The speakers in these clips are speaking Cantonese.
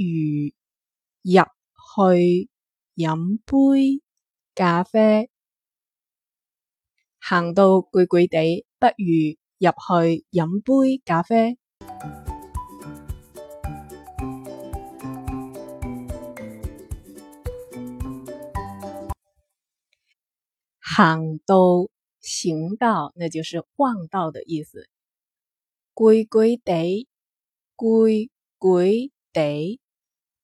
如入去飲杯咖啡，行到攰攰哋，不如入去飲杯咖啡。行到行到，那就是逛到的意思。攰攰哋，攰攰哋。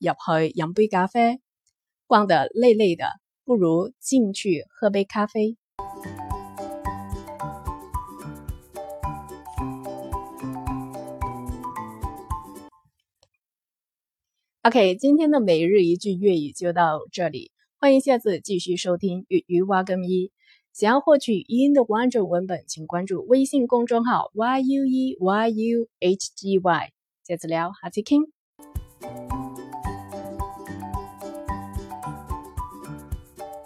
入去飲杯咖啡，逛得累累的，不如進去喝杯咖啡。OK，今天的每日一句粵語就到這裡，歡迎下次繼續收聽粵語挖根一。想要獲取語音的完整文本，請關注微信公眾號 Y U E Y U H G Y。下次、e、聊，下次傾。